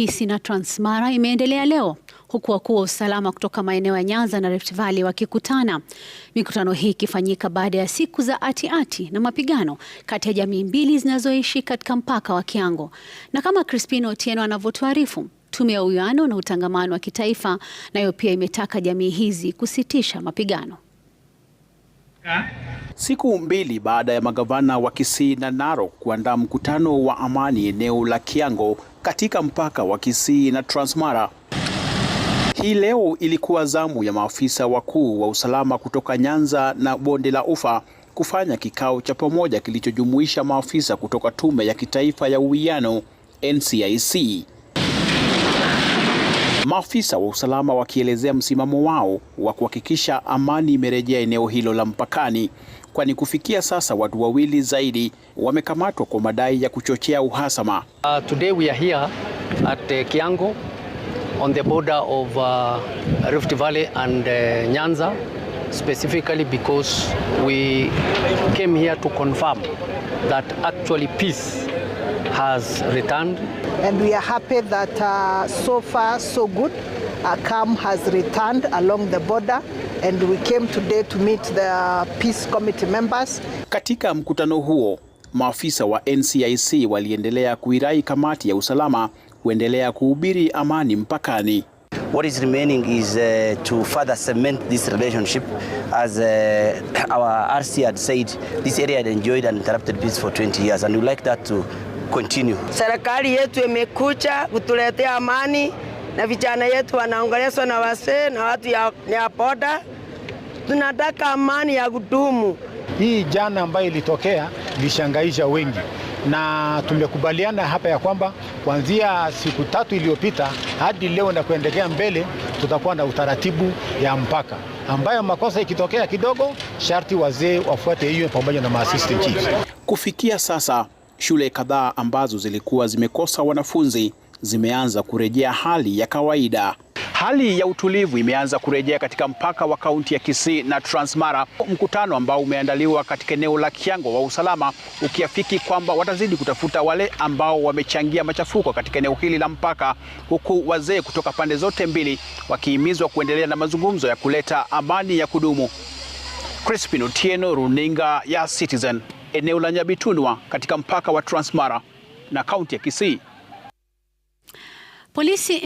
Kisii na Transmara imeendelea leo huku wakuu wa usalama kutoka maeneo ya Nyanza na Rift Valley wakikutana. Mikutano hii ikifanyika baada ya siku za atiati ati ati na mapigano kati ya jamii mbili zinazoishi katika mpaka wa Kiango. Na kama Crispino Otieno anavyotuarifu, Tume ya Uwiano na Utangamano wa Kitaifa nayo pia imetaka jamii hizi kusitisha mapigano. Siku mbili baada ya magavana wa Kisii na Narok kuandaa mkutano wa amani eneo la Kiango katika mpaka wa Kisii na Transmara. Hii leo ilikuwa zamu ya maafisa wakuu wa usalama kutoka Nyanza na Bonde la Ufa kufanya kikao cha pamoja kilichojumuisha maafisa kutoka Tume ya Kitaifa ya Uwiano NCIC Maafisa wa usalama wakielezea msimamo wao wa kuhakikisha amani imerejea eneo hilo la mpakani, kwani kufikia sasa watu wawili zaidi wamekamatwa kwa madai ya kuchochea uhasama. Uh, today we are here at uh, Kiango on the border of uh, Rift Valley and uh, Nyanza specifically because we came here to confirm that actually peace has returned. And we are happy that uh, so far so good. Akam uh, has returned along the border and we came today to meet the peace committee members. Katika mkutano huo, maafisa wa NCIC waliendelea kuirai kamati ya usalama kuendelea kuhubiri amani mpakani. What is remaining is uh, to further cement this relationship. As uh, our RC had said, this area had enjoyed uninterrupted peace for 20 years and we like that to continue. Serikali yetu imekucha kutuletea amani na vijana yetu wanaongeleshwa na wasee na watu ya, ya poda. Tunataka amani ya kudumu. Hii jana ambayo ilitokea ilishangaisha wengi, na tumekubaliana hapa ya kwamba kuanzia siku tatu iliyopita hadi leo na kuendelea mbele, tutakuwa na utaratibu ya mpaka ambayo makosa ikitokea kidogo, sharti wazee wafuate hiyo pamoja na maassistant chief. Kufikia sasa Shule kadhaa ambazo zilikuwa zimekosa wanafunzi zimeanza kurejea hali ya kawaida. Hali ya utulivu imeanza kurejea katika mpaka wa kaunti ya Kisii na Transmara. Mkutano ambao umeandaliwa katika eneo la Kiango wa usalama ukiafiki kwamba watazidi kutafuta wale ambao wamechangia machafuko katika eneo hili la mpaka, huku wazee kutoka pande zote mbili wakihimizwa kuendelea na mazungumzo ya kuleta amani ya kudumu. Crispin Otieno, runinga ya Citizen eneo la Nyabitunwa katika mpaka wa Transmara na kaunti ya Kisii. Polisi